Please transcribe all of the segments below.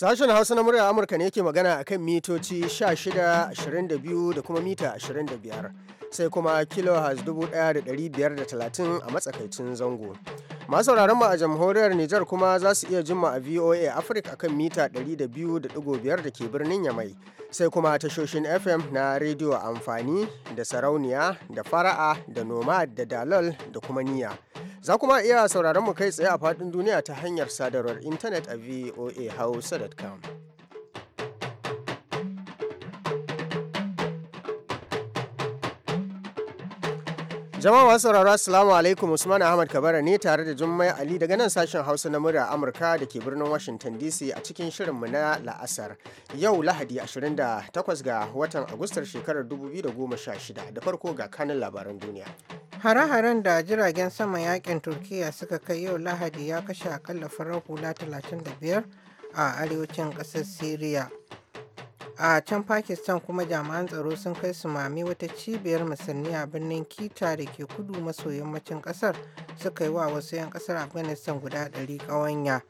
Sashen Hausa na murya Amurka ne yake magana akan mitoci 16, 22 da kuma mita 25. sai kuma kilohertz 1530 a matsakaicin zango. Masu mu a jamhuriyar Nijar kuma za su iya jimma a VOA Africa kan mita 200.5 da ke birnin Yamai, sai kuma tashoshin FM na rediyo amfani da sarauniya da fara'a da noma da dalal da kuma niya. Za kuma iya sauraron mu kai tsaye a faɗin duniya ta hanyar sadarwar intanet a voahausa.com. Jama'a masu sauraro Assalamu alaikum Usman Ahmad Kabara ne tare da Jummai Ali daga nan sashen Hausa na murya Amurka da ke birnin Washington DC a cikin shirinmu na La'asar. Yau Lahadi 28 ga watan Agustar shekarar 2016 da farko ga kanin labaran duniya. Hare-haren da jiragen sama yakin Turkiya suka kai yau Lahadi ya kashe akalla farar hula 35 a arewacin ƙasar Siriya. a can pakistan kuma jami'an tsaro sun kai su mami wata cibiyar musulmi a birnin kita da ke kudu maso yammacin kasar suka yi wa wasu 'yan kasar afghanistan guda 100 ƙawanya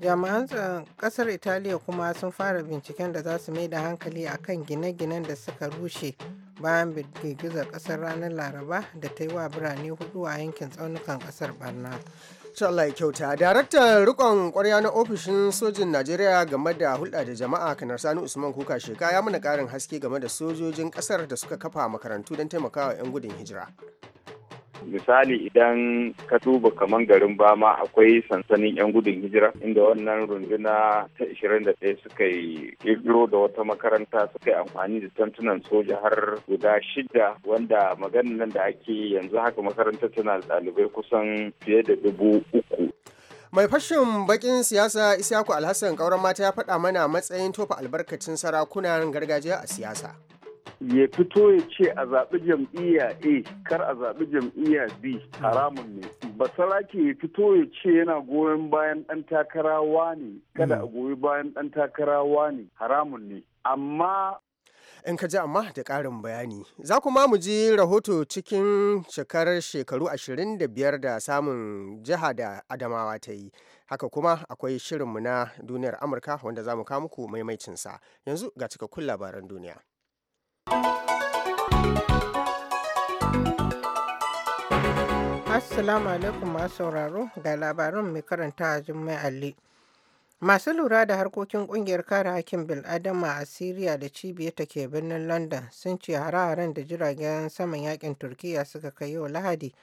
jami'an kasar italiya kuma sun fara binciken da za su mai da hankali a kan gine-ginen da suka rushe bayan girgizar kasar ranar laraba da ta yi wa birane hudu a yankin tsaunukan kasar barna Allah ya kyauta. Daraktan rikon kwarya na ofishin sojin Najeriya game da hulɗa da jama'a kanar Sani Usman Kuka Sheka ya mana ƙarin haske game da sojojin ƙasar da suka kafa makarantu don taimakawa 'yan gudun hijira. misali idan ka duba kamar garin bama akwai sansanin 'yan gudun hijira inda wannan runduna ta 21 suka yi kirkiro da wata makaranta suka yi amfani da tantunan soja har guda shida wanda maganin nan da ake yanzu haka makarantar tana ɗalibai kusan fiye da dubu uku mai fashin bakin siyasa isyaku alhassan kauran mata ya faɗa mana matsayin tofa albarkacin sarakunan gargajiya a siyasa ya fito ya ce a zaɓi jam'iyya A kar a zaɓi jam'iyya B haramun ne. Basarake ya fito ya ce yana goyon bayan ɗan takarawa ne kada a mm. goyi bayan ɗan takarawa ne haramun ne. Amma in ka ji amma da ƙarin bayani za kuma mu ji rahoto cikin shekarar shekaru 25 da samun jiha da adamawa ta yi haka kuma akwai shirinmu na duniyar amurka wanda za mu kamuku muku maimaicinsa yanzu ga cikakkun labaran duniya Assalamu alaikum masu sauraro ga labarin mai karanta a Jummai Ali. Masu lura da harkokin kungiyar kare hakkin bil'adama a Siriya da cibiyarta ke birnin London sun ce hare-haren da jiragen saman yakin Turkiyya suka kai yau Lahadi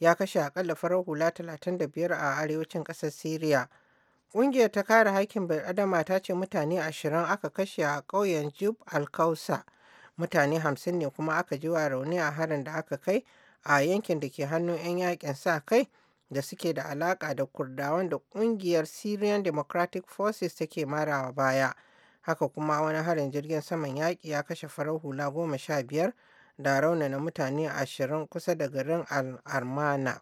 ya kashe akalla farar hula 35 a arewacin ƙasar Siriya. Ƙungiyar ta kare hakkin bil'adama ta ce mutane ashirin aka kashe a ƙauyen Jub al-Kausa mutane hamsin ne kuma aka ji wa rauni a harin da aka kai a yankin da ke hannun 'yan yakin sa kai da suke da alaka da kurdawan da kungiyar syrian democratic forces take marawa baya haka kuma wani harin jirgin saman yaƙi ya kashe farar hula goma sha biyar da na mutane ashirin kusa da garin armana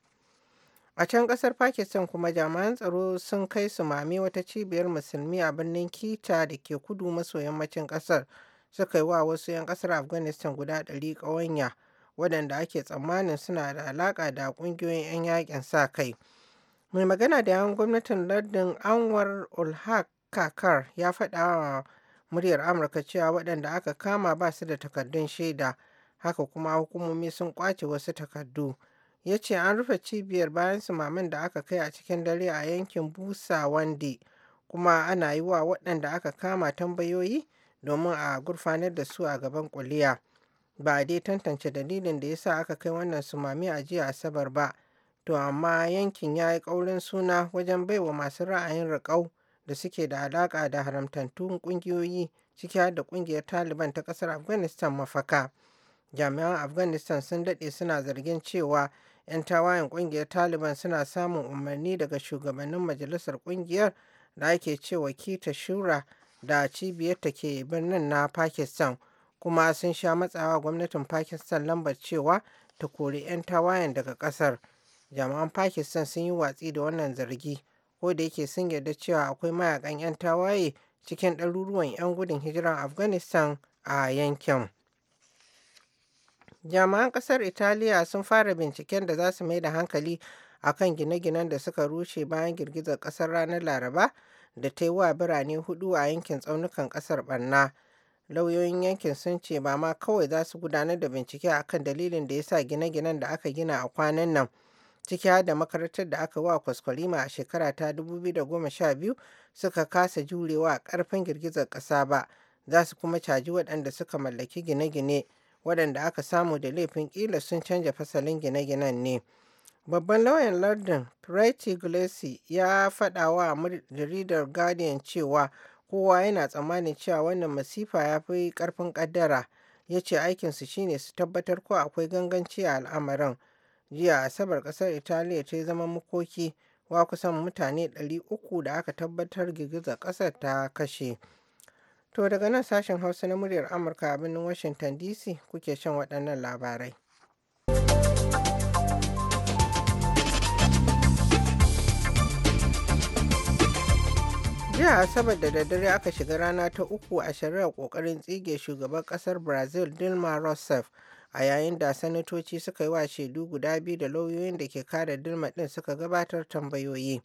a can kasar pakistan kuma jami'an tsaro sun kai su mami wata cibiyar musulmi a birnin kita da ke kudu maso yammacin kasar suka yi wa wasu 'yan ƙasar afghanistan guda ɗari ƙawanya waɗanda ake tsammanin suna da alaƙa da ƙungiyoyin 'yan yakin sa kai mai magana da 'yan gwamnatin lardin anwar ulhakakar ya faɗa wa muryar amurka cewa waɗanda aka kama ba su da takardun shaida haka kuma hukumomi sun kwace wasu takardu ya ce an rufe cibiyar bayan su mamin da aka kai a cikin dare a yankin busa wande kuma ana yi wa waɗanda aka kama tambayoyi domin a gurfanar da su a gaban kuliya ba a dai tantance dalilin da ya sa aka kai wannan sumami a jiya asabar ba to amma yankin ya yi ƙaurin suna wajen baiwa masu ra'ayin riƙau da suke da alaƙa da haramtattun ƙungiyoyi ciki har da ƙungiyar taliban ta ƙasar afghanistan mafaka jami'an afghanistan sun daɗe suna zargin cewa 'yan tawayen ƙungiyar taliban suna samun umarni daga shugabannin majalisar ƙungiyar da ake cewa kita shura da cibiyar ta ke birnin na Pakistan kuma sun sha matsawa gwamnatin Pakistan lambar cewa ta kori 'yan tawayen daga ƙasar. Jami'an Pakistan sun yi watsi da wannan zargi, ko da yake sun yarda cewa akwai mayakan 'yan tawaye cikin ɗaruruwan 'yan gudun hijiran Afghanistan a yankin. Jami'an ƙasar Italiya sun fara binciken da za su mai da hankali akan gine-ginen da suka rushe bayan girgizar ƙasar ranar Laraba da ta yi wa birane hudu a yankin tsaunukan kasar barna lauyoyin yankin sun ce ba ma kawai za su gudanar da bincike akan dalilin da ya sa gine-ginen da aka gina a kwanan nan ciki har da makarantar da aka wa kwaskwarima a shekara ta 2012 suka kasa jurewa a karfin girgizar ƙasa ba za su kuma caji waɗanda suka mallaki gine-gine waɗanda aka samu da laifin ƙila sun canja fasalin gine-ginen ne. Babban lauyan Lardin, Craig Gillespie, ya faɗawa wa jaridar Guardian cewa kowa yana tsammanin cewa wannan masifa ya fi ƙarfin ƙaddara. Ya ce aikinsu shine su tabbatar ko akwai ganganci a al'amarin. Jiya Asabar ƙasar Italiya ta yi zama makoki wa kusan mutane 300 da aka tabbatar girgizar ƙasar ta kashe. To daga nan sashen Hausa na muryar Amurka a birnin Washington DC kuke shan waɗannan labarai. jiya asabar da daddare aka shiga rana ta uku a shari'a kokarin tsige shugaban kasar brazil dilma rousseff a yayin da sanatoci suka yi wa shaidu guda biyu da lauyoyin da ke kare dilma din suka gabatar tambayoyi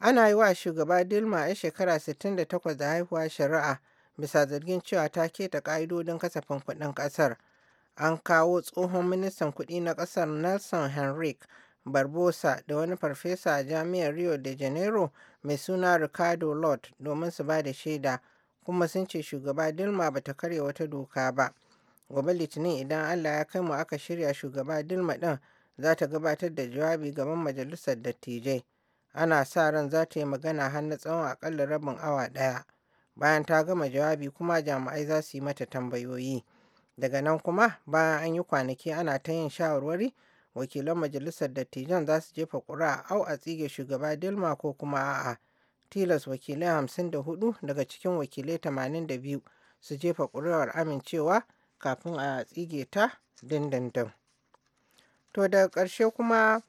ana yi wa shugaba dilma a shekara 68 da haihuwa shari'a bisa zargin cewa ta keta ka'idodin kasafin kudin kasar. an kawo tsohon ministan kudi na kasar nelson henrique barbosa da wani farfesa a jami'ar rio de janeiro mai suna ricardo lord domin su ba da shaida kuma sun ce shugaba dilma ba ta karya wata doka ba gobe litinin idan allah ya kai mu aka shirya shugaba dilma din za ta gabatar da jawabi gaban majalisar dattijai ana sa ran za ta yi magana hannu tsawon akalla rabin awa ɗaya bayan ta gama jawabi kuma jami'ai za su yi mata tambayoyi daga nan kuma bayan an yi kwanaki ana ta yin shawarwari wakilan majalisar dattijan za su jefa ƙuri'a au a tsige shugaba dilma ko kuma a'a tilas wakilai hamsin da hudu daga cikin wakilai tamanin da biyu su jefa ƙuri'ar amincewa kafin a tsige ta dindindin to da ƙarshe kuma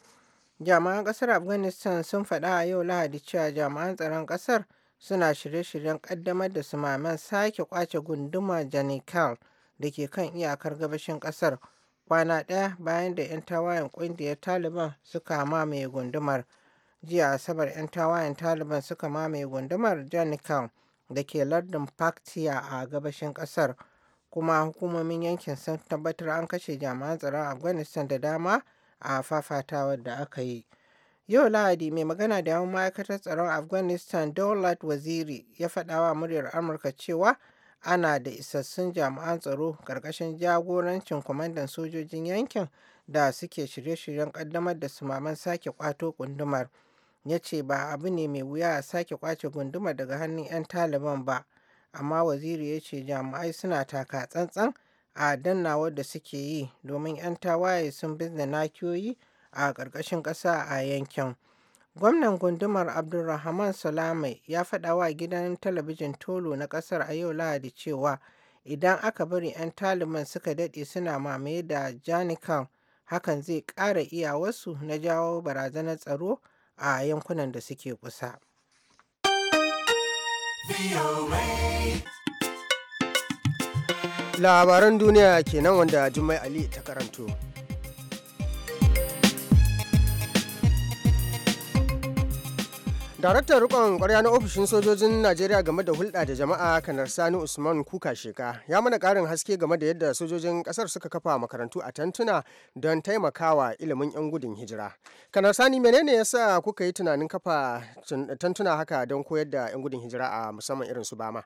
jama'an ƙasar afghanistan sun faɗa a yau lahadi cewa jami'an tsaron ƙasar suna shirye-shiryen ƙaddamar da sumaman sake kwace gunduma janikal da ke kan iyakar gabashin ƙasar kwana ɗaya bayan da 'yan tawayen ƙungiyar taliban suka mamaye gundumar jiya asabar 'yan tawayen taliban suka mamaye gundumar janikan da ke lardin paktiya a gabashin ƙasar kuma hukumomin yankin sun tabbatar an kashe jami'an tsaron afghanistan da dama a fafatawar da aka yi yau lahadi mai magana da yawan ma'aikatar tsaron afghanistan daulat waziri ya faɗawa muryar amurka cewa ana da isassun jami'an tsaro ƙarƙashin jagorancin kwamandan sojojin yankin da suke shirye-shiryen ƙaddamar da sumaman sake ƙwato gundumar ya ce ba abu ne mai wuya a sake ƙwace gundumar daga hannun 'yan taliban ba amma waziri ya ce jami'ai suna taka tsantsan a dannawar da suke yi domin 'yan tawaye sun bizna nakiyoyi a ƙarƙashin ƙasa a yankin. Gwamnan gundumar Abdulrahman Salame ya faɗa wa gidan talabijin Tolo na ƙasar a yau Lahadi cewa idan aka bari 'yan Taliban suka daɗe suna mamaye da janikan hakan zai ƙara iya wasu na jawo barazanar tsaro a yankunan da suke kusa. Labaran duniya kenan wanda Jummai Ali ta karanto. Daraktan rikon kwarya na ofishin sojojin Najeriya game da hulɗa da jama'a kanar Sani Usman Kuka Sheka ya mana ƙarin haske game da yadda sojojin ƙasar suka kafa makarantu a tantuna don taimakawa ilimin 'yan gudun hijira. Kanar Sani menene ya sa kuka yi tunanin kafa tantuna haka don koyar da 'yan gudun hijira a musamman irin su Bama?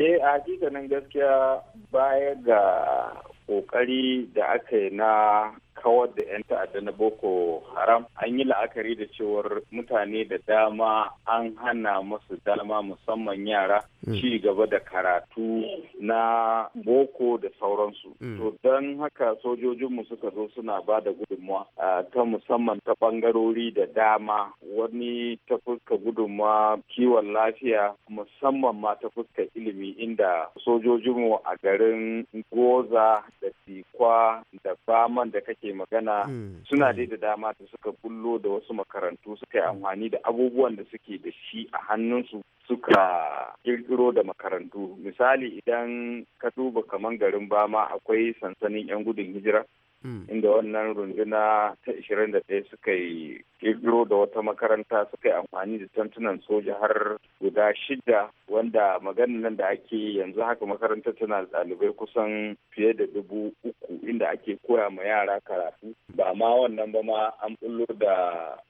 Eh a hakikanin gaskiya baya ga kokari da aka yi na kawar da 'yan ta'adda na boko haram an yi la'akari da cewar mutane da dama an hana masu dama musamman yara mm. ci gaba da karatu na boko da sauransu mm. to don haka sojojinmu suka zo suna ba da gudunmawa ta musamman ta bangarori da dama wani ta fuska gudunmawa kiwon lafiya musamman ma ta fuska ilimi inda sojojinmu a garin goza da sikwa da baman da kake magana mm. suna dai mm. da dama da suka bullo da wasu makarantu suka yi amfani da abubuwan da suke da shi a hannunsu suka kirkiro da makarantu misali idan ka duba kaman garin bama akwai sansanin 'yan gudun hijira Mm. inda wannan runduna ta 21 suka yi kirkiro da wata makaranta suka yi amfani da tantunan soja har guda shida wanda maganin nan da ake yanzu haka makarantar tana da ɗalibai kusan fiye da dubu uku inda ake koya ma yara karatu ba ma wannan ba ma an bullo da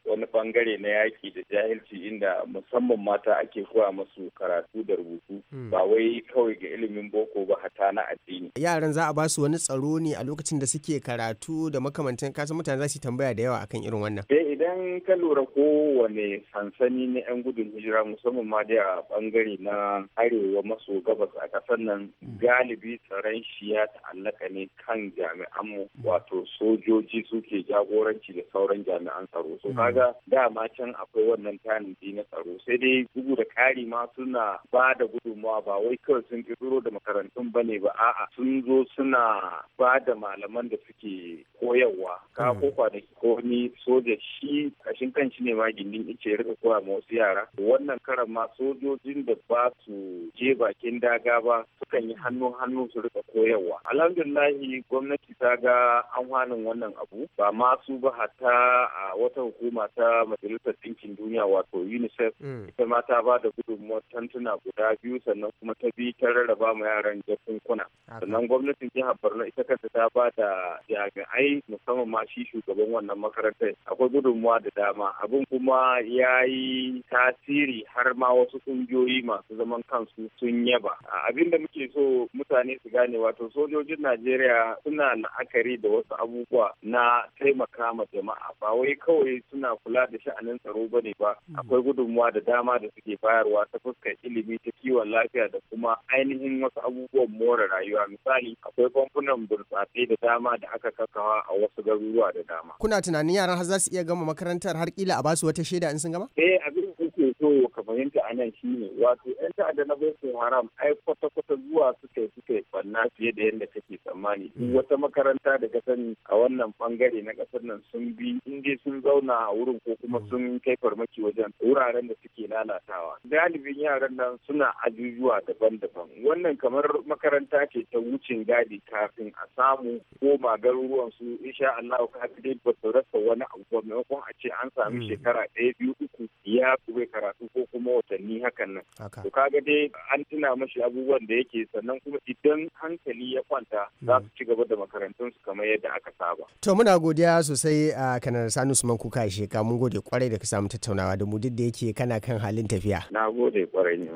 wani bangare na yaki da jahilci inda musamman mata ake koya masu karatu da rubutu mm. ba wai kawai ga ilimin boko ba hata na addini yaran za a ba su wani tsaro ne a lokacin da suke karatu karatu da makamantan kasan mutane za su tambaya da yawa akan irin wannan. Eh idan ka lura kowane sansani na 'yan gudun hijira musamman ma dai a bangare na arewa maso gabas a kasar nan mm. galibi tsaron shi ya ta'allaka ne kan jami'an mu wato sojoji suke jagoranci da sauran jami'an tsaro so mm. kaga dama can akwai wannan tanadi na tsaro sai dai bugu da kari ma suna ba da gudunmawa ba wai kawai sun kirkiro da makarantun ba ne ba a'a sun zo suna ba da malaman da suke koyarwa ka mm. ko kwanaki ko ni soja shi shi kashin kan shi ne ma gindin ice rika koya wasu yara wannan karan ma sojojin da ba su je bakin daga ba sukan yi hannu hannu su rika koyarwa alhamdulillahi gwamnati ta ga an hannun wannan abu ba ma su ba hatta a wata hukuma ta majalisar ɗinkin duniya wato unicef mm. ita ma ta ba da gudunmuwar tantuna guda biyu sannan kuma ta bi ta rarraba ma yaran jakunkuna sannan gwamnatin jihar borno ita kanta ta ba da jami'ai musamman ma shi shugaban wannan makarantar akwai gudunmuwa gudunmuwa da dama abin kuma ya yi tasiri har ma wasu ƙungiyoyi masu zaman kansu sun yaba abin da muke so mutane su gane wato sojojin najeriya suna la'akari da wasu abubuwa na taimaka ma jama'a ba wai kawai suna kula da sha'anin tsaro ba ne hmm. ba akwai gudunmuwa da dama da suke bayarwa ta fuskar ilimi ta kiwon lafiya da kuma ainihin wasu abubuwan more rayuwa misali akwai famfunan burtsatse da dama da aka kakawa a wasu garuruwa da dama kuna tunanin yaran har za su iya gama makarantar har kila a basu wata shaida in sun gama? Eh abin da ke so ka fahimta a nan shine wato 'yan ta'adda na Boko Haram ai kwata-kwata zuwa suka yi suka yi banna fiye da yadda kake tsammani hmm. wata makaranta da ka sani a wannan bangare na kasar nan sun bi inda sun zauna a wurin ko kuma hmm. sun kai farmaki wajen wuraren da suke lalatawa galibin yaran nan suna ajujuwa daban-daban wannan kamar makaranta ce ta wucin gadi kafin a samu koma garuruwan su insha Allah ka dai ba su rasa wani abu ba maimakon a ce an sami hmm. shekara ɗaya biyu uku ya bai karatu ko kuma watanni hakan nan to kaga dai an tuna mashi abubuwan da yake sannan kuma idan hankali ya kwanta za su ci gaba da makarantun su kamar yadda aka saba. To muna godiya sosai a kanar su man Kuka sheka mun gode kwarai da ka samu tattaunawa da mu duk da yake kana kan halin tafiya. Na gode kwarai ne.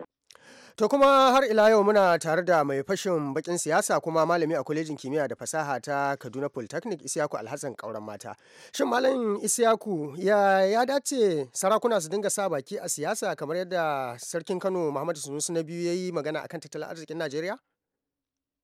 To kuma har ila yau muna tare da mai fashin bakin siyasa kuma malami a kwalejin kimiyya da fasaha ta Kaduna Polytechnic Isiyaku Alhassan Kauran Mata. Shin malam Isiyaku ya, ya dace sarakuna su dinga sa baki a siyasa kamar yadda sarkin Kano Muhammadu Sunusi na biyu ya yi magana akan tattalin arzikin Najeriya?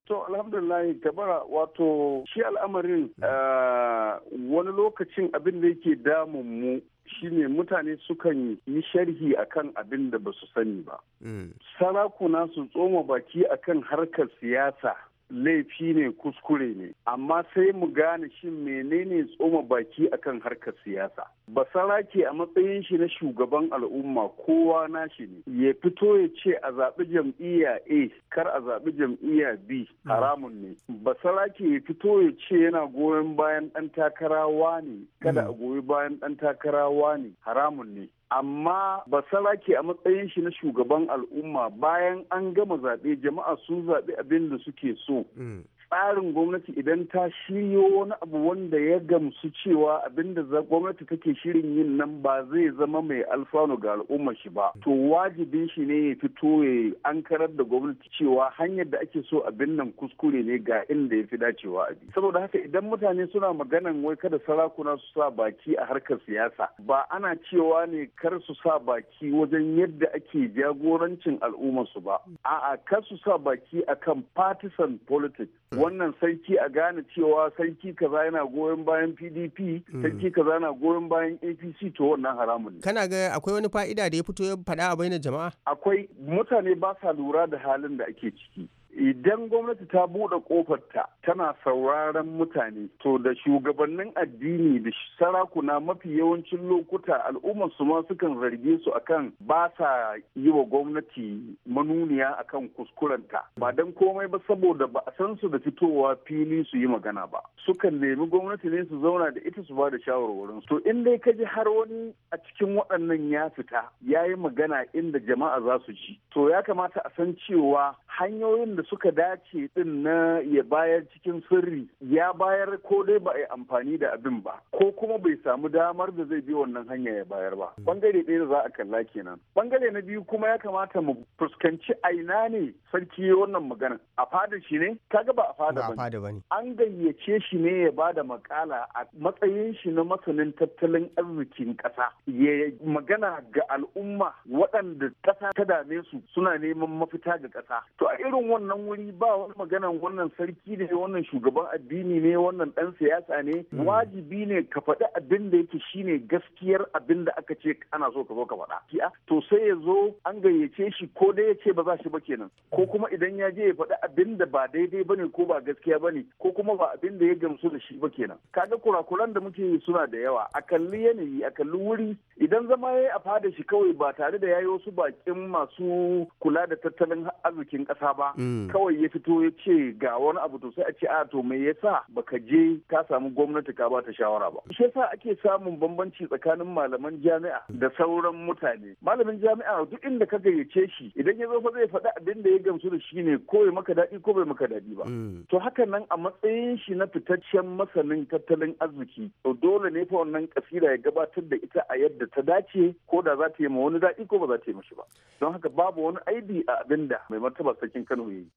To alhamdulillahi kabara wato shi al'amarin eh, wani lokacin abin da yake damun mu shine mutane sukan yi sharhi akan abin da ba su sani ba. Mm. Sarakuna su tsoma baki akan harkar siyasa. laifi ne kuskure ne amma sai mu gane shin menene tsoma baki akan harkar siyasa Ba basarake a matsayin shi na shugaban al'umma kowa nashi ne ya fito ya ce a zaɓi jam'iyya a kar a zaɓi jam'iyya b haramun ne Ba basarake ya fito ya ce yana goyon bayan ɗan takarawa ne kada a mm. goyi bayan ɗan takarawa ne haramun ne amma ba sarake a matsayin shi na shugaban al'umma bayan an gama zaɓe jama'a sun zaɓi abin da suke so mm. tsarin gwamnati idan ta shiryo wani abu wanda ya gamsu cewa abinda gwamnati take shirin yin nan ba zai zama mai alfanu ga al'ummar shi ba to wajibin shi ne ya fito ya ankarar da gwamnati cewa hanyar da ake so abin nan kuskure ne ga inda ya fi dacewa a saboda haka idan mutane suna maganan wai kada sarakuna su sa baki a harkar siyasa ba ana cewa ne kar su sa baki wajen yadda ake jagorancin al'ummar su ba a'a kar su sa baki akan partisan politics wannan sarki a gane cewa sarki kaza yana goyon bayan pdp mm. sarki kaza yana goyon bayan apc to wannan haramun ne kana ga akwai wani fa'ida da ya fito ya faɗa a bainar jama'a akwai mutane ba sa lura da halin da ake ciki idan gwamnati ta buɗe ƙofarta tana sauraron mutane to da shugabannin addini da sarakuna mafi yawancin lokuta al'ummar su ma sukan zarge su akan ba sa yi wa gwamnati manuniya akan kuskurenta ba dan komai ba saboda ba a san su da fitowa fili su yi magana ba sukan nemi gwamnati ne su zauna da ita su ba da shawarwarin to in dai ka ji har wani a cikin waɗannan ya fita ya yi magana inda jama'a za su ji, to ya kamata a san cewa hanyoyin da suka dace din na ya bayar cikin sirri ya bayar ko dai ba a yi amfani da abin ba ko kuma bai samu damar da zai bi wannan hanya ya bayar ba hmm. bangare ɗaya da za a kalla kenan bangare na biyu kuma ya kamata mu fuskanci aina ne sarki wannan magana a fada shi ne kaga ba a fada ba ne an gayyace shi ne ya bada makala a matsayin shi na masanin tattalin arzikin ƙasa ya magana ga al'umma waɗanda ƙasa ta dame su suna neman mafita ga ƙasa to a irin wannan an wuri ba wani maganan wannan sarki ne wannan shugaban addini ne wannan dan siyasa ne hmm. wajibi ne ka faɗi abin da yake shine gaskiyar abin da aka ce ana so ka zo ka faɗa ah, to sai ya zo an gayyace shi ko dai ya ce ba za shi ba kenan ko kuma idan ya je ya faɗi abin da ba daidai bane ko ba gaskiya bane ko kuma ba abin da ya gamsu da shi ba kenan kaga kurakuran da muke suna da yawa a kalli yanayi a kalli wuri idan zama ya yi a fada shi kawai ba tare da yayi wasu bakin masu kula da tattalin arzikin ƙasa ba hmm. Hmm. kawai ya fito ya ce ga wani abu to sai a ce a ah, to me yasa baka je ka samu gwamnati ka ba ta shawara ba shi yasa ake samun bambanci tsakanin malaman jami'a da sauran mutane malamin jami'a duk inda ka gayyace shi idan ya zo fa zai faɗi abin da ya gamsu da shi ne ko ya maka daɗi ko bai maka daɗi ba hmm. to haka nan a matsayin shi na fitaccen masanin tattalin arziki to dole ne fa wannan kasida ya gabatar da ita a yadda ta dace ko da za ta yi ma wani daɗi ko ba za ta yi mishi ba don haka babu wani aibi a abinda. mai martaba sarkin Kano ya yi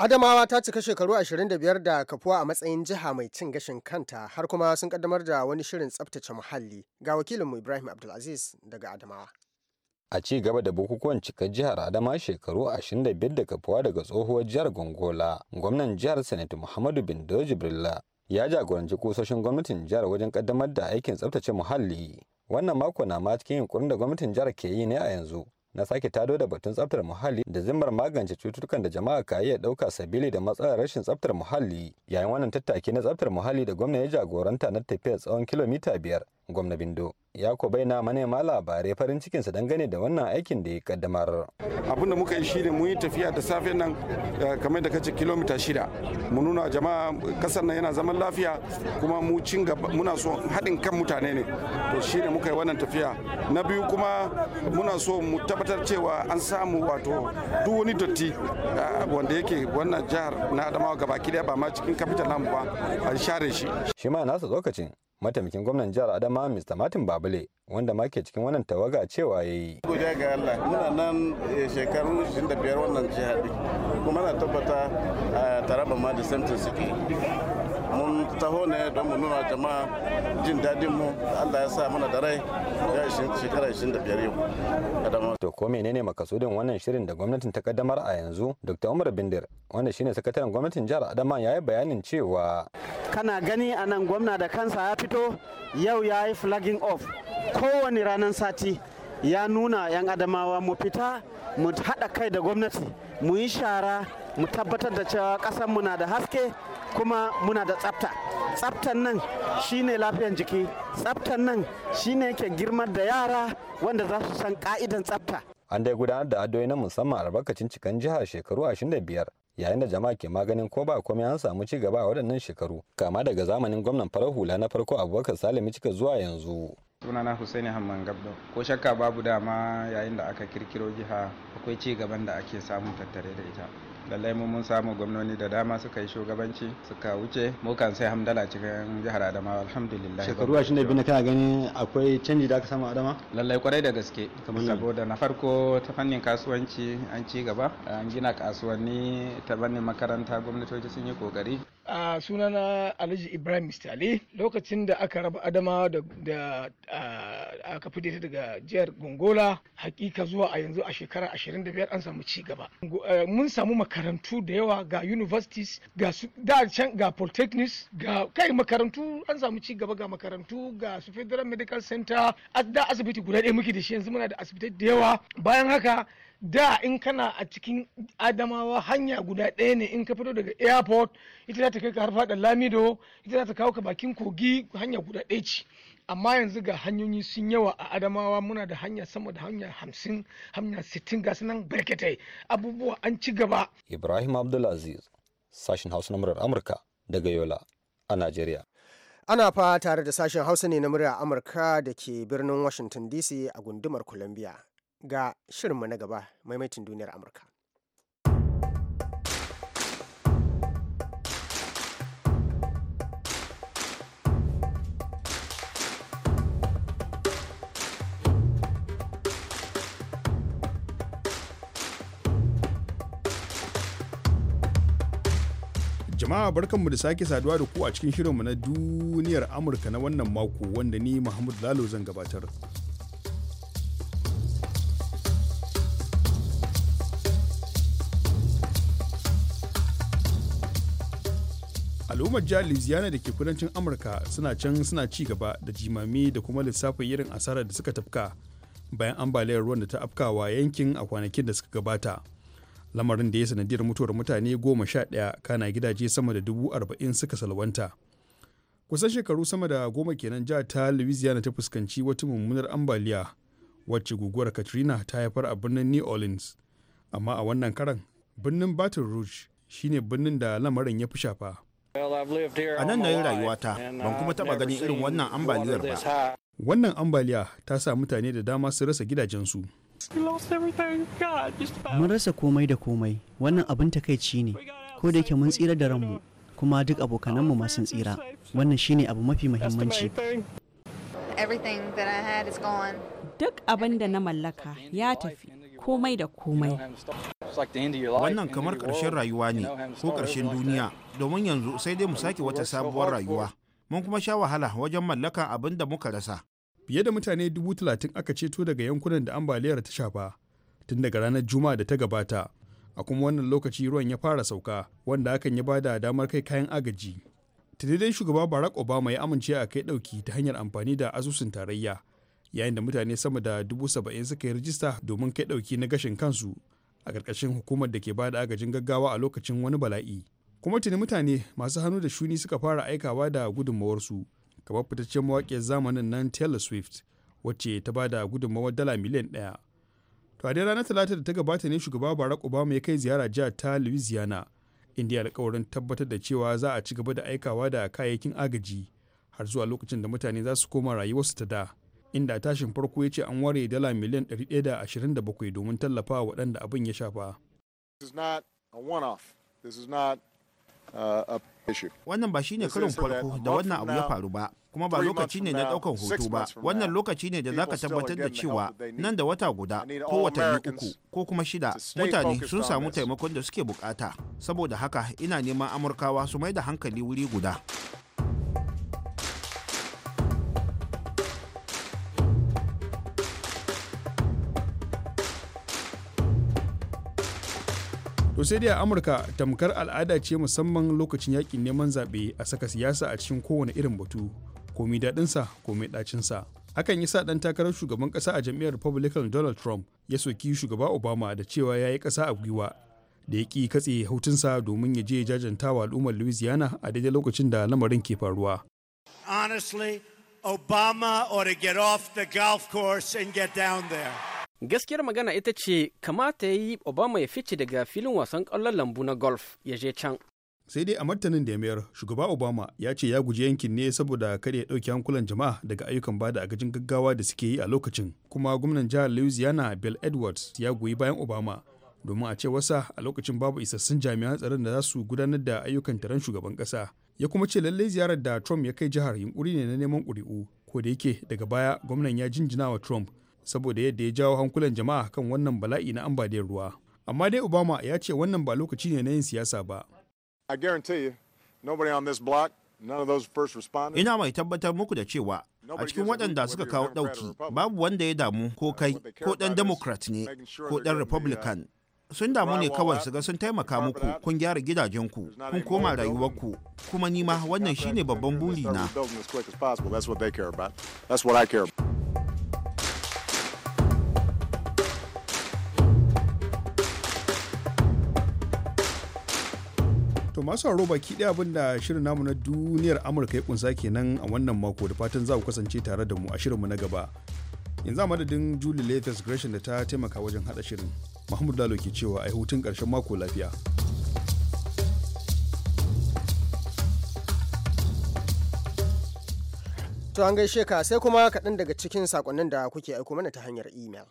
Adamawa ta cika shekaru 25 da kafuwa a matsayin jiha mai cin gashin kanta har kuma sun kaddamar da wani shirin tsabtace muhalli ga wakilinmu Ibrahim Abdulaziz daga Adamawa. a ci gaba da bukukuwan cika jihar adama shekaru 25 da kafuwa daga tsohuwar jihar gongola gwamnan jihar Sanatu muhammadu bin jibrilla ya jagoranci kusoshin gwamnatin jihar wajen kaddamar da aikin tsabtace muhalli wannan mako na ma cikin yunkurin da gwamnatin jihar ke yi ne a yanzu na sake tado da batun tsaftar muhalli da zimmar magance cututtukan da jama'a ka iya ɗauka sabili da matsalar rashin tsaftar muhalli yayin wannan tattaki na tsaftar muhalli da gwamna ya jagoranta na tafiya tsawon kilomita biyar gwamna bindo ya ko bayyana manema labarai farin cikinsa dangane da wannan aikin da ya kaddamar abinda muka yi shine mun yi tafiya da safe nan eh, kamar da kace kilomita shida mu nuna jama'a kasar nan yana zaman lafiya kuma mu cin muna so haɗin kan mutane ne to shine muka yi wannan tafiya na biyu kuma muna so mu tabbatar cewa an samu wato duk wani dotti eh, wanda yake wannan jihar na adamawa gaba daya ba ma cikin capital namu ba an share shi shi ma nasa lokacin mataimakin gwamnan jihar adama mr martin babule wanda ma ke cikin wannan tawaga cewa ya yi godiya ga allah muna nan eh, shekaru 25 wannan jihar kuma na tabbata a eh, taraba ma da samtin suke taho ne don mu nuna jama'a jin dadin mu Allah ya sa mana da rai ya shekara 25 yau to ko menene makasudin wannan shirin da gwamnatin ta kaddamar a yanzu Dr. Umar Bindir wanda shine sakataren gwamnatin jihar Adama ya yi bayanin cewa kana gani a nan gwamna da kansa ya fito yau ya yi flagging off kowane ranar sati ya nuna 'yan adamawa mu fita mu haɗa kai da gwamnati mu yi shara mu tabbatar da cewa ƙasar muna da haske kuma muna da tsafta tsaftan nan shine lafiyan jiki tsaftan nan shine yake girmar da yara wanda za su san ka'idan tsafta an dai gudanar da addu'o'i na musamman albarkacin cikan jiha shekaru 25 yayin da jama'a ke maganin ko ba komai an samu ci gaba a waɗannan shekaru kama daga zamanin gwamnan farar hula na farko abubakar salimi cika zuwa yanzu sunana husaini hamman gabdo ko shakka babu dama yayin da aka kirkiro jiha akwai ci gaban da ake samu tattare da ita lallai mu mun samu gwamnoni da dama suka yi shugabanci suka wuce mu kan sai hamdala cikin jihar adama alhamdulillah shekaru 25 na kana ganin akwai canji da aka samu adama lallai kwarai da gaske saboda na farko ta fannin kasuwanci an ci gaba an gina kasuwanni ta fannin makaranta gwamnatoci sun yi kokari a sunana alhaji ibrahim mistale lokacin da aka raba adama da aka fide ta daga jihar gongola hakika zuwa a yanzu a shekara 25 an samu ci gaba eh, mun samu makarantu da yawa ga universities ga da can ga polytechnics ga kai makarantu an samu ci gaba ga makarantu ga su federal medical center da asibiti guda ɗaya muke da shi yanzu muna da asibitai da yawa bayan haka da in kana a cikin adamawa hanya guda ɗaya ne in ka fito daga airport ita za ta kai ka har faɗin lamido ita za ta kawo ka bakin kogi hanya guda ɗaya ce amma yanzu ga hanyoyi sun yawa a adamawa muna da hanya sama da hanya hamsin hanya sittin ga nan barkatai abubuwa an ci gaba ibrahim abdulaziz sashen hausa na murar amurka daga yola a nigeria. ana fa tare da sashen hausa ne na murar amurka da ke birnin washington dc a gundumar columbia ga shirinmu na gaba maimaitin duniyar Amurka. jama'a barkanmu da sake saduwa da ku a cikin shirinmu na duniyar amurka na wannan mako wanda ni muhammadu lalo zan gabatar al'ummar jihar louisiana da ke kudancin amurka suna can suna ci gaba da jimami da kuma lissafin irin asarar da suka tafka bayan ambaliyar ruwan da ta afkawa yankin a kwanakin da suka gabata lamarin da ya sanadiyar mutuwar mutane goma sha ɗaya kana gidaje sama da dubu arba'in suka salwanta kusan shekaru sama da goma kenan jihar ta louisiana ta fuskanci wata mummunar ambaliya wacce guguwar katrina ta haifar a birnin new orleans amma a wannan karan birnin baton rouge shine birnin da lamarin ya fi shafa A nan na yi rayuwata, ban kuma taɓa ganin irin wannan ambaliyar ba. Wannan ambaliya ta sa mutane da dama su rasa gidajensu. Mun rasa komai da komai, wannan abin takaici ne, ko da yake mun tsira da ranmu, kuma duk abokananmu masu tsira. Wannan shine abu mafi muhimmanci. Duk abin da na mallaka ya tafi, komai da komai. Wannan kamar ƙarshen rayuwa ne ko ƙarshen duniya domin yanzu sai dai mu sake wata sabuwar rayuwa. Mun kuma sha wahala wajen mallaka abin da muka rasa. Fiye da mutane dubu talatin aka ceto daga yankunan da ambaliyar ta shafa tun daga ranar Juma'a da ta gabata. A kuma wannan lokaci ruwan ya fara sauka wanda hakan ya bada damar kai kayan agaji. Tadidai shugaba Barack Obama ya amince a kai ɗauki ta hanyar amfani da asusun tarayya yayin da mutane sama da dubu saba'in suka yi rijista domin kai ɗauki na gashin kansu a ƙarƙashin hukumar da ke ba da agajin gaggawa a lokacin wani bala'i kuma tuni mutane masu hannu da shuni suka fara aikawa da gudunmawarsu kamar fitaccen mawaƙiyar zamanin nan taylor swift wacce ta ba da gudunmawar dala miliyan ɗaya to a dai ranar talata da ta gabata ne shugaba barak obama ya kai ziyara jihar ta louisiana inda ya alkawarin tabbatar da cewa za a ci gaba da aikawa da kayayyakin agaji har zuwa lokacin da mutane za su koma rayuwarsu ta da inda tashin farko ya ce an ware dala miliyan 127 domin tallafa waɗanda abin ya shafa. Uh, wannan ba shine karin farko da wannan abu ya faru ba, kuma ba lokaci ne na ɗaukan hoto ba, wannan lokaci ne da za ka tabbatar da cewa nan da wata guda ko watanni uku ko kuma shida mutane sun samu taimakon da suke bukata. Saboda haka ina neman Amurkawa su mai da hankali wuri guda. to sai dai a amurka tamkar al'ada ce musamman lokacin yakin neman zaɓe a saka siyasa a cikin kowane irin batu komi daɗinsa komai ɗacinsa hakan sa ɗan takarar shugaban ƙasa a jam'iyyar republican donald trump ya soki shugaba obama da cewa ya yi ƙasa a gwiwa da ya ƙi katse hutunsa domin ya je jajanta jajantawa al'ummar louisiana a daidai lokacin da lamarin ke faruwa honestly obama ought to get off the golf course and get down there gaskiyar magana ita ce kamata ya yi obama ya fice daga filin wasan ƙwallon lambu na golf ya je can sai dai a martanin da mayar shugaba obama ya ce ya guji yankin ne saboda kada ya ɗauki hankulan jama'a daga ayyukan bada agajin gaggawa da suke yi a lokacin kuma gwamnan jihar louisiana bill edwards ya goyi bayan obama domin a ce wasa a lokacin babu isassun jami'an tsaron da za su gudanar da ayyukan taron shugaban ƙasa ya kuma ce lallai ziyarar da trump ya kai jihar yunkuri ne na neman ƙuri'u ko da yake daga baya gwamnan ya jinjina wa trump saboda yadda ya jawo hankulan jama'a kan wannan bala'i na ambaliyar ruwa amma dai obama ya ce wannan ba lokaci ne na yin siyasa ba ina mai tabbatar muku da cewa a cikin waɗanda suka kawo ɗauki babu wanda ya damu ko kai ko ɗan democrat ne ko ɗan republican sun damu ne kawai su ga sun taimaka muku kun gyara gidajenku kun koma rayuwarku kuma nima wannan shine babban burina masu haro baki ɗaya abin da shirin namu na duniyar Amurka ya kunsa kenan a wannan mako da fatan za ku kasance tare da mu a shirinmu na gaba. Yanzu a madadin Julie Lathes Gresham da ta taimaka wajen hada shirin. Mahmud Lalo ke cewa a hutun karshen mako lafiya. To an gaishe ka sai kuma kaɗan daga cikin sakonnin da kuke aiko mana ta hanyar imel.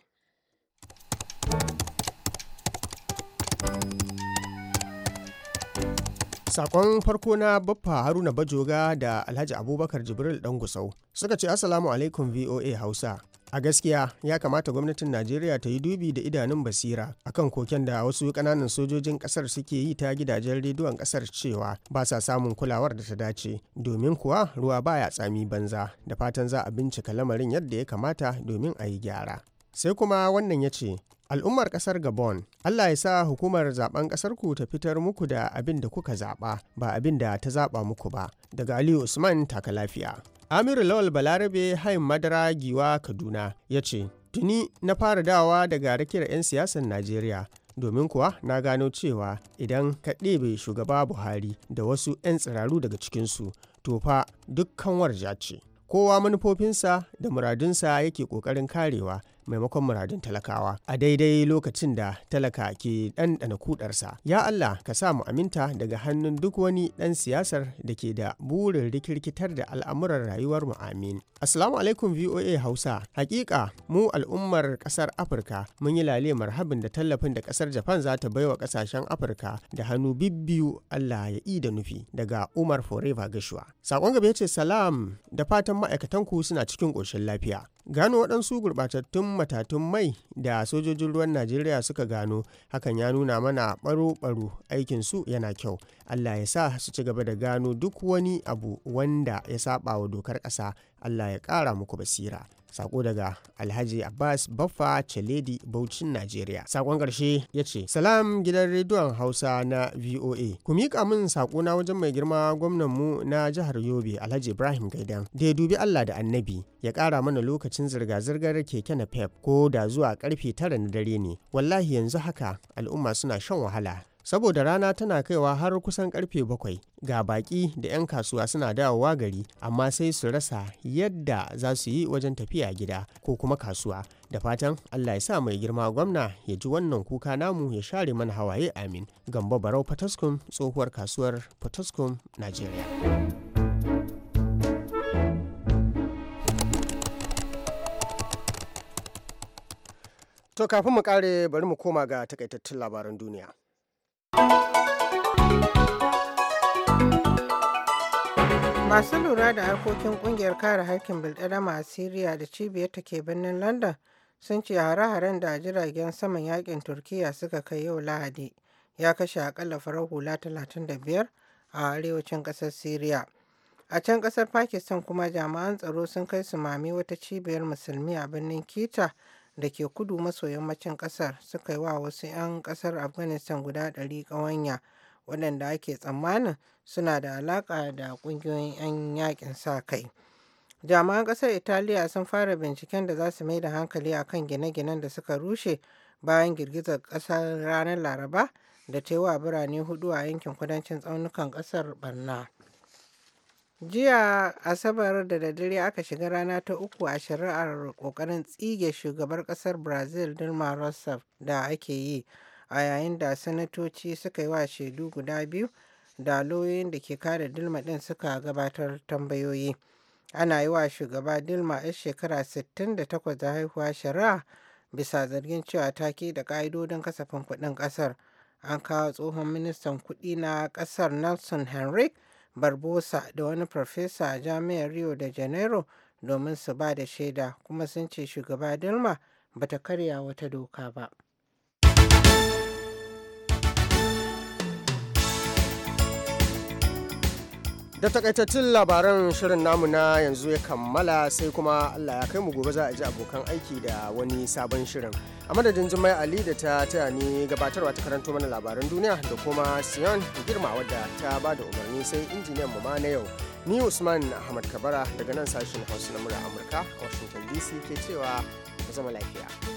Sakon farko na Baffa Haruna Bajoga da Alhaji Abubakar Jibril gusau suka ce 'Asalamu alaikum VOA Hausa. A gaskiya ya kamata gwamnatin Najeriya ta yi dubi da idanun basira akan koken da wasu kananan sojojin kasar suke yi ta gidajen rediyon kasar cewa ba sa samun kulawar da ta dace domin kuwa ruwa baya tsami banza da fatan za a bincika lamarin yadda ya kamata domin a yi gyara. sai kuma wannan ya ce al'ummar kasar gabon allah ya sa hukumar zaben kasar ta fitar muku da abin da kuka zaba ba abin da ta zaba muku ba daga aliyu usman taka lafiya amiru lawal balarabe hain madara giwa kaduna ya ce tuni na fara dawa daga rakiyar 'yan siyasar najeriya domin kuwa na gano cewa idan ka ɗebe shugaba buhari da wasu 'yan tsiraru daga cikinsu tofa fa dukkan warja ce kowa manufofinsa da muradunsa yake ƙoƙarin karewa maimakon muradun talakawa a daidai lokacin da talaka ke ɗanɗana kudarsa ya allah ka sa mu aminta daga hannun duk wani ɗan siyasar da ke da burin rikirkitar da al'amuran rayuwar mu amin assalamu alaikum voa hausa hakika mu al'ummar ƙasar afirka mun yi lale marhabin da tallafin da ƙasar japan za ta baiwa ƙasashen afirka da hannu bibbiyu allah ya yi da nufi daga umar forever gashuwa sakon gaba ya ce salam da fatan ma'aikatanku suna cikin ƙoshin lafiya gano waɗansu gurɓatattun matatun mai da sojojin ruwan najeriya suka gano hakan ya nuna mana baro-baro aikin su yana kyau allah ya sa su ci gaba da gano duk wani abu wanda ya saba wa dokar ƙasa allah ya ƙara muku basira Sako daga Alhaji Abbas Baffa Chaledi Bauchin Najeriya. Sakon karshe ya ce, Salam gidan rediyon Hausa na VOA. Ku miƙa min na wajen mai girma gwamnan mu na jihar Yobe Alhaji Ibrahim Gaidan. Da ya dubi Allah da annabi ya ƙara mana lokacin zirga-zirgar keke na pep ko da zuwa karfe tara na dare ne. Wallahi yanzu haka al'umma suna shan wahala. saboda rana tana kaiwa har kusan karfe bakwai ga baki da 'yan kasuwa suna dawowa gari amma sai su rasa yadda za su yi wajen tafiya gida ko kuma kasuwa da fatan allah ya sa mai girma gwamna ya ji wannan kuka namu ya share mana hawaye amin gamba barau fataskum tsohuwar kasuwar fataskum nigeria To kafin mu kare bari mu koma ga takaitattun labaran duniya. Masu lura da harkokin kungiyar kare haƙƙin bil'adama a Siriya da cibiyar ta ke birnin London sun ce hare-haren da jiragen saman yakin Turkiyya suka kai yau Lahadi ya kashe akalla farar hula 35 a arewacin ƙasar Siriya. A can ƙasar Pakistan kuma jami'an tsaro sun kai su mami wata cibiyar musulmi a birnin Kita da ke kudu maso yammacin kasar suka yi wa wasu 'yan kasar afghanistan guda ɗari ƙawanya waɗanda ake tsammanin suna da alaƙa da ƙungiyoyin 'yan yakin sa kai jami'an ƙasar italiya sun fara binciken da za su mai da hankali a kan gine-ginen da suka rushe bayan girgizar ƙasar ranar laraba da ta yi wa birane hudu a yankin kudancin tsaunukan ƙasar barna Jiya Asabar da daddare aka shiga rana ta uku a shari'ar kokarin tsige shugabar kasar Brazil Dilma Rousseff da ake yi a yayin da sanatoci suka yi wa shaidu guda biyu da lauyoyin da ke kada Dilma din suka gabatar tambayoyi. Ana yi wa shugaba Dilma 'yar shekara 68 da haihuwa shari'a bisa zargin cewa ta ke da ƙa'idodin kasafin kudin ƙasar. An kawo tsohon ministan kuɗi na ƙasar Nelson Henrique barbosa da wani farfesa a jami'ar rio de janeiro domin su ba da shaida kuma sun ce shugaba dilma bata karya wata doka ba da takaitattun labaran shirin namu na yanzu ya kammala sai kuma allah ya kai mu gobe za a ji abokan aiki da wani sabon shirin a madadin jimai ali da ta taya ni gabatarwa ta karanto mana labaran duniya da kuma siyan girma wadda ta ba da umarni sai injiniyan mu ma na yau ni usman ahmad kabara daga nan sashen hausa na murar amurka washington dc ke cewa zama lafiya